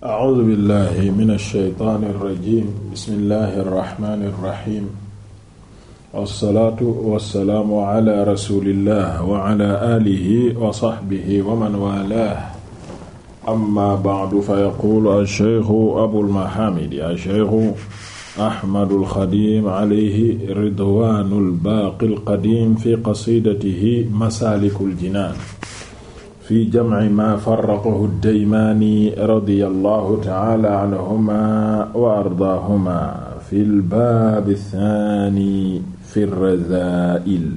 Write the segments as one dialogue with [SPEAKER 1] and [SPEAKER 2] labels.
[SPEAKER 1] a'uuzu billahi mina shaytaani rajiim bismillahi rahmaani rahiim wassalaatu wassalaamu ala rasulillah wa ala alihi wa sahbihi wa man waalaahu amma ba'du fa yaquulu ash-shaykhu abul mahaamidi ash-shaykhu ahmadul xadiim alayhi ridwaanul baaqil qadiim fi qasiidatihi masaalikul jinaan fi jamci ma faraqahu ddaymaani radiyallahu ta'ala anhuma wa ardaahuma fi lbaabi thaani fi razaa'il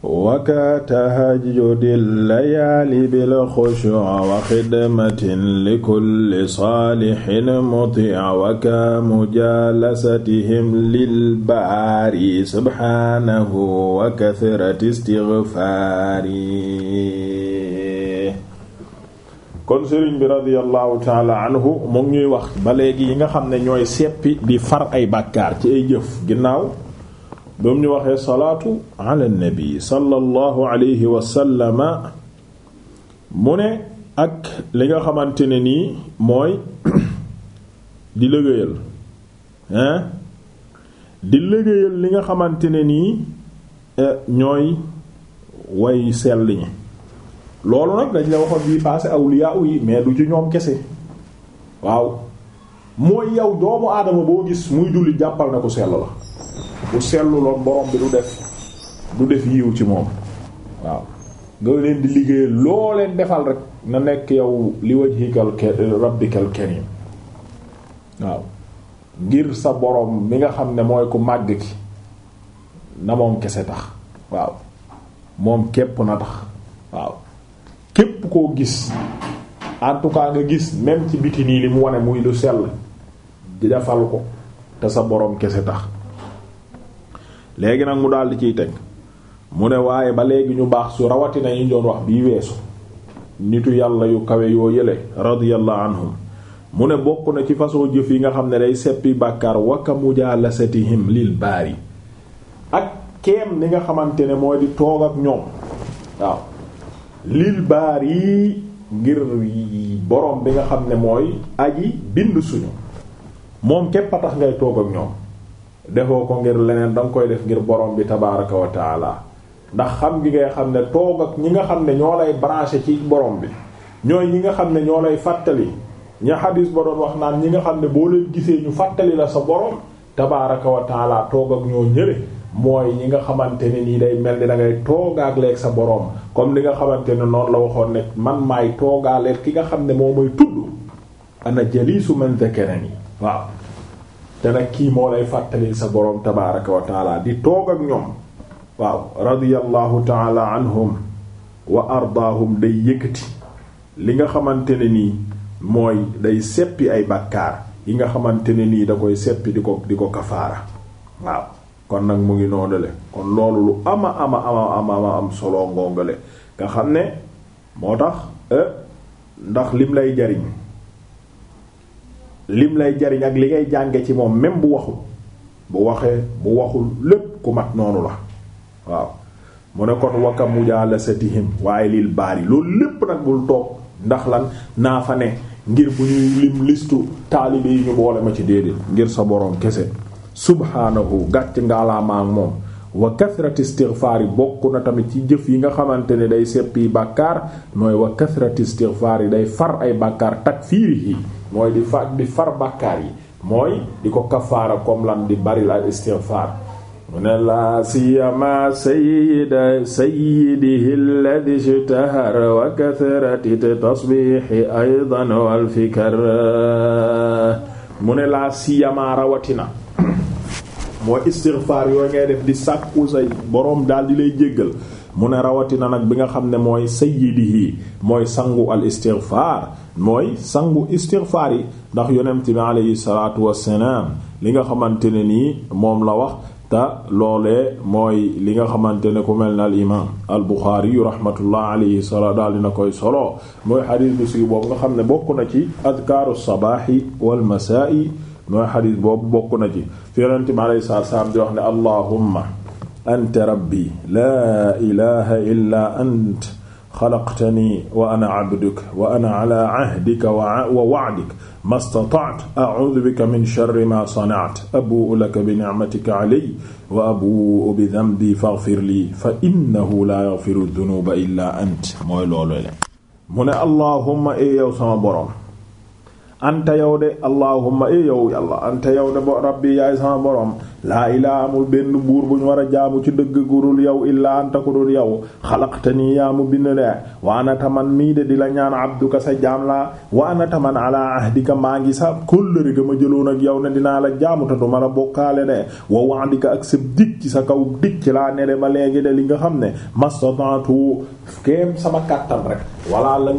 [SPEAKER 1] wakatahajjudil layaali bil xushuuci wa xidmatin li kulli saalixin mutiica waka mujaalasatihim lil baari subxaanahu wa kasrati istigfaari kon sëriñ bi radiyallahu taala anhu mu ngi ñuy wax ba léegi yi nga xam ne ñooy seppi di far ay bàkkaar ci ay jëf ginnaaw ba mu ñu waxee salaatu ala nabi sallallahu alayhi wa sallama mu ne ak li nga xamante ne nii mooy di liggéeyal hein di liggéeyal li nga xamante ne nii eh, ñooy way sell ñi loolu nag dañ la waxoon bii passé awliya yi mais du ci ñoom kese waaw mooy yow doomu aadama boo gis muy julli jàppal na ko sell la bu selluloon borom bi du def du def yiw ci moom waaw nga leen di liggéey loo leen defal rek na nekk yow li wajhikal rabbikal karim waaw ngir sa borom mi nga xam ne mooy ku màgg ki na moom kese tax waaw moom képp na tax waaw képp koo gis en tout cas nga gis même ci biti nii li mu wane muy lu sell di defal ko te sa borom kese tax léegi nag mu daal di ciy teg mu ne waaye ba léegi ñu baax su rawatina yi ñu doon wax bii weesu nitu yàlla yu kawe yoo yële radiyallahu anhum mu ne bokk na ci façon jëf yi nga xam ne day seppi bàkkaar waka mujalasatihim lil yi ak keem ni nga xamante ne mooy di toog ak ñoom waaw lil baari ngir boroom bi nga xam ne mooy aji bind suñu moom képp a tax ngay toog ak ñoom defoo ko ngir leneen da nga koy def ngir borom bi tabaraka wa taala ndax xam gi ngay xam ne toog ak ñi nga xam ne ñoo lay ci borom bi ñooy ñi nga xam ne ñoo lay fàttali ña xadis ba doon wax naan ñi nga xam ne boo leen gisee ñu fàttali la sa borom tabaraka wa toog ak ñoo ñële mooy ñi nga xamante ne nii day mel ni da ngay toogaak leeg sa borom comme li nga xamante ne noonu la waxoon ne man maay toogaaleeg ki nga xam ne moo may tudd ana jalisu man yi waaw te nag kii moo lay fàttali sa boroom tabaaraka wa di toog ak ñoom waaw radiyallahu taala anhum wa ardaahum day yëkkati li nga xamante ne nii mooy day seppi ay bàkkaar yi nga xamante ne nii da koy seppi di ko di ko kafaara waaw kon nag mu ngi noonale kon loolu lu ama ama ama ama am solo ngongale nga xam ne moo tax eh, ndax lim lay jariñ lim lay jariñ ak li ngay jànge ci moom même bu waxul bu waxee bu waxul lépp ku mat noonu la waaw mu ne kon wakka mujalasatihim waaye lil baari loolu lépp nag bul toog ndax lan naa fa ne ngir bu ñuy lim listu taalibe yi ñu boole ma ci déedéet ngir sa boroom kese subhaanahu gàcc ngaalaamaa moom wa kathrati istighfaar yi bokk na tamit ci jëf yi nga xamante ne day seppi bàkkaar nooy wa kathrati istighfaar yi day far ay bàkkaar takfiir yi mooy di fa di far bàkkaar yi mooy di ko kafaara comme lan di baril al istighfar mu ne laa siyama sayida sayidihi alladi ishtahar wa kathrati tasbihi aydan wal mu ne laa siyama rawatina mooy istighfar yooyu ngay def di sàkku say boroom daal di lay jéggal mu ne rawatina nag bi nga xam ne mooy sayidihi mooy sangu al istighfar mooy sangu istighfaar yi ndax yonent bi alayhi salaatu wassalaam li nga xamante ne nii moom la wax te mooy li nga xamante ne ku mel ne al imaam al buxaari yu rahmatullah alayhi sala daal dina koy solo mooy xadis bu siiw boobu nga xam ne bokk na ci adkaaru sabaaxi wal masaa'i mooy xadis boobu bokk na ci fi yonent bi alayhi salaatu wassalaam di wax ne allahumma anta rabbi laa ilaha illa ant xalaqtani wa ana abduka wa ana ala ahdika wa wa'dika mastata'tu a'uudu bika min sharri ma sana'tu abu'u laka bi ni'matika alayya wa abu'u bi dhanbi faghfir li fa innahu la yaghfiru dhunuba illa ant mooy loolu le mu ne allahumma yow sama boroom anta yow de allahumma e yow yàlla anta yow de bo rabbi yaay sama borom laa ilaa amul benn buur bu ñu war a jaamu ci dëgg gurul yow illaa anta ko dul yow xalaqta nii yaa mu bind de waana man mii de di la ñaan abduka sa jaam waa waana man alaa ahdika maa ngi sa kóllëre ga ma jëloon ak yow ne dinaa la jaamu te du ma la bokkaale de wa wa'dika ak sa dig ci sa kaw dig ci laa ne de ba léegi de li nga xam ne mastata'tu kéem sama kàttan rek walla la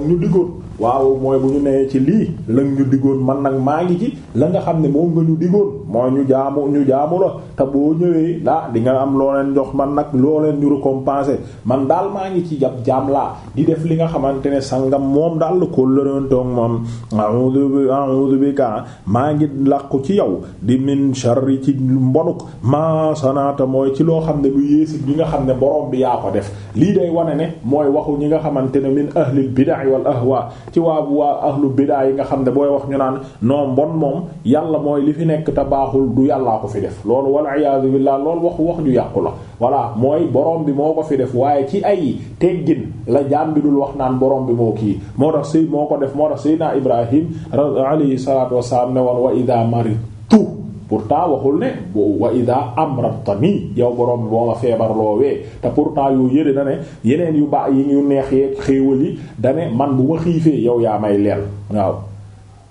[SPEAKER 1] waaw mooy bu ñu newee ci lii la ñu diggoon man nag maa ngi ci la nga xam ne moom nga ñu diggoon mooy ñu jaamu ñu jaamu te boo ñëwee ah di nga am loo leen jox man nag loo leen ñu récompenser man daal maa ngi ci jab jaam laa di def li nga xamante ne sangam moom daal ko lërantoog moom a'udhu bi a'udhu maa ngi làqu ci yow di min yi ci mbonuk maa sanaata mooy ci loo xam ne lu yéesig ñi nga xam ne borom bi yaa ko def lii day wane ne mooy waxu ñi nga xamante ne min ahlil bid'a wal ahwa ci waa waa ahlu bidaa yi nga xam ne booy wax ñu naan non mbon moom yàlla mooy li fi nekk te baaxul du yàllaa ko fi def loolu wal iyaadu billaah loolu wax wax ju yàqu la voilà mooy boroom bi moo ko fi def waaye ci ay teggin la jaam bi dul wax naan borom bi moo kii moo tax sëy moo ko def moo tax sëy naa Ibrahim alayhi salaatu wasalaam ne woon wa idaa maritu pourtant waxul ne boo wa ida amradtani yow borom boo ma feebar loowee te pour pourtant yoo yëre na yeneen yu baax yi yu neex yeeg xéewal yi dane man bu ma xiifee yow yaa may leel waaw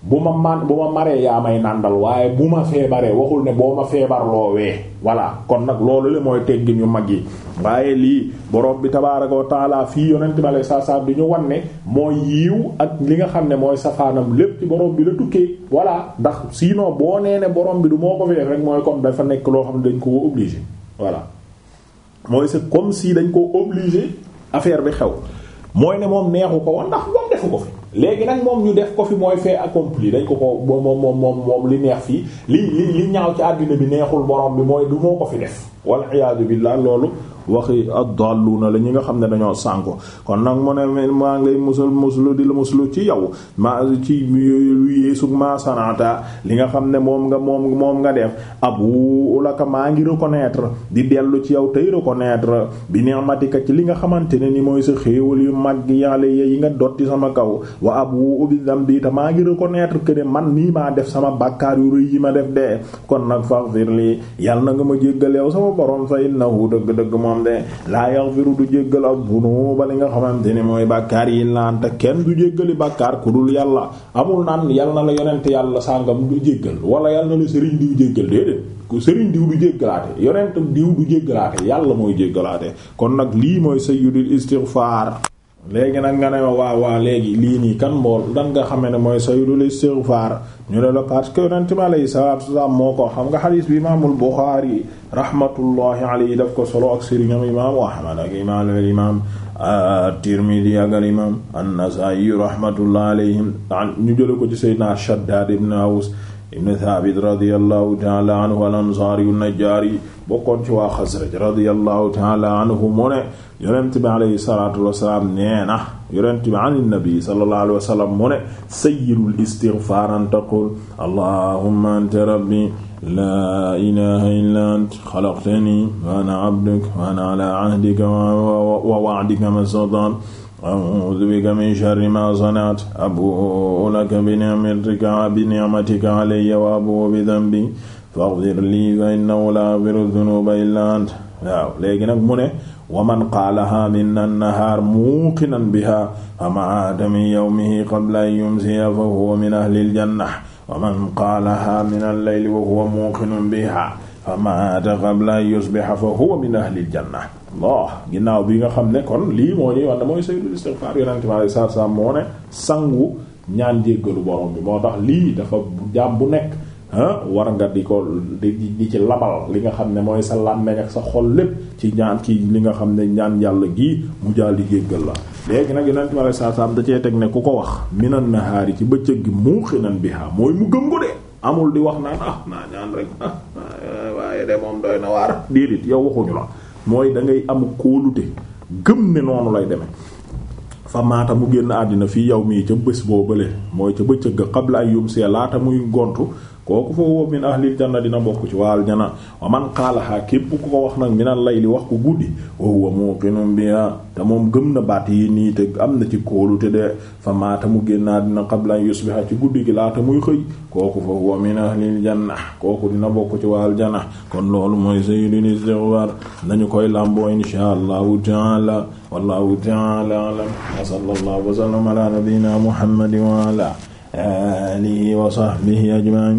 [SPEAKER 1] bu ma man bu ma maree yaa may nàndal waaye bu ma feebaree waxul ne boo ma feebar loowee voilà kon nag loolu le mooy teggin yu mag yi waaye lii borom bi tabaaraka wa taala fii yonent bi alei saa salaam di ñu wan mooy yiiw ak li nga xam ne mooy safaanam lépp ci borom bi la tukkee voilà ndax sinon boo nee ne borom bi du moo ko feef rek mooy comme dafa nekk loo xam ne dañ koo obligé voilà mooy c'est comme si ko obligé affaire bi xew mooy ne moom neexu ko woon ndax moom defu ko fi léegi nag moom ñu def ko fi mooy fait accompli dañ ko ko moom moom moom moom li neex fii li li li ñaaw ci àddina bi neexul borom bi mooy du moo ko fi def wal iyaadu billah loolu waxi addalluuna la ñi nga xam ne dañoo sànko kon nag mu ne maa ngi lay musul muslu di la muslu ci yow ma ci lu yéesug ma sanata li nga xam ne moom nga moom moom nga def abu laka maa ngi reconnaître di dellu ci yow tey reconnaître bi neex ni'matika ci li nga xamante ne ni mooy sa xéewal yu mag yàlla yi nga dotti sama kaw waa abu bi dambi te maa ngi reconnaître que ne man nii maa def sama bàkkaar yu rëy yi ma def de kon nag faghfir li yàlla na nga ma jéggal yow sama borom fa innahu dëgg-dëgg moom de laa yaghfiru du jéggal az-zunuba li nga xamante ni mooy bàkkaar yi naan kenn du jéggali bàkkaar ku dul yàlla amul naan yàlla na la yonent yàlla sàngam du jéggal wala yàlla na la sëriñ diw jéggal déedéet ku sëriñ diw du jéggalaate yonent diw du jéggalaate yàlla mooy jéggalaate kon nag lii mooy sayyidul istighfar léegi nag nga ne ma waaw waaw léegi lii nii kan mbool dan nga xame ne mooy sayyidul istighfar ñu ne la parce que yonent mi alayhi salaatu wasalaam moo ko xam nga xadiis bi imaamul Buxaari rahmatullahi alayhi daf ko solo ak sëriñam imaamu Ahmad ak imaam al imaam at-Tirmidi ak al imaam an-Nasaa'i rahmatullahi alayhim ñu jële ko ci sayyidina Shaddaad ibn Aws ibn Thaabit radiyallahu ta'ala anhu al-Ansaari an bokkoon ci waa Xasraj radiyallahu taala anhu mu ne yonent bi alayhi salaatu wasalaam nee na yonent bi an nabi sallallahu alayhi wa sallam mu ne sayyidul istighfaar an taqul allahumma anta rabbi laa ilaha illa ant xalaqtani wa ana abduk wa ana ala ahdika wa wa'dika mastata'tu a'uudu bika min sharri maa sana'tu abu'u laka bi ni'matika bi ni'matika alayya wa abu'u bi dhanbi faghfir lii fa innahu laa yaghfiru dhunuba illaa ant waaw léegi nag mu ne wa man qaalaha min an-nahaar muuqinan biha ama aadami yawmihi qabla an yumsiya fa huwa min min al-layli wa huwa muuqinun biha fa maata qabla an yusbiha fa huwa min ahli al-janna ginnaaw bi nga xam ne kon lii moo ñuy wax mooy sayyidul istighfaar yonente bi alayhi salaatu wa salaam moo ne sangu ñaan jéggalu borom bi moo tax lii dafa jaam bu nekk war nga di ko di ci labal li nga xam ne mooy sa làmmeñ ak sa xol lépp ci ñaan ci li nga xam ne ñaan yàlla gii mu daal di la léegi nag yonent bi saa saam da cee teg ne ku ko wax minan nahaari ci bëccëg gi muuqinan biha mooy mu gëm ko de amul di wax naan ah naa ñaan rek ah waaye de moom doy na waar déedéet yow waxuñu la mooy da ngay am kóolute gëm ne noonu lay demee fa maata mu génn àddina fii yow mii ca bés boo bële mooy ca bëccëg laata muy gontu kooku fa huwa min ahlil janna dina bokk ci waal jana wa man qaalahaa képp ku ko wax nag minal layli wax ko guddi wa huwa muuqinun biha te moom gëm na baat yi nii te am na ci kóolute de fa maata mu génnaa dina qabla yusbiha ci guddi gi laata muy xëy kooku fa huwa min ahlil janna kooku dina bokk ci waal jana kon loolu mooy sayyidul istighfar nañu koy làmboo inshaa allahu taala wallahu taala alam wa sallallahu wa sallam ala nabiyyina muhammadin wa ala alihi wa sahbihi ajma'in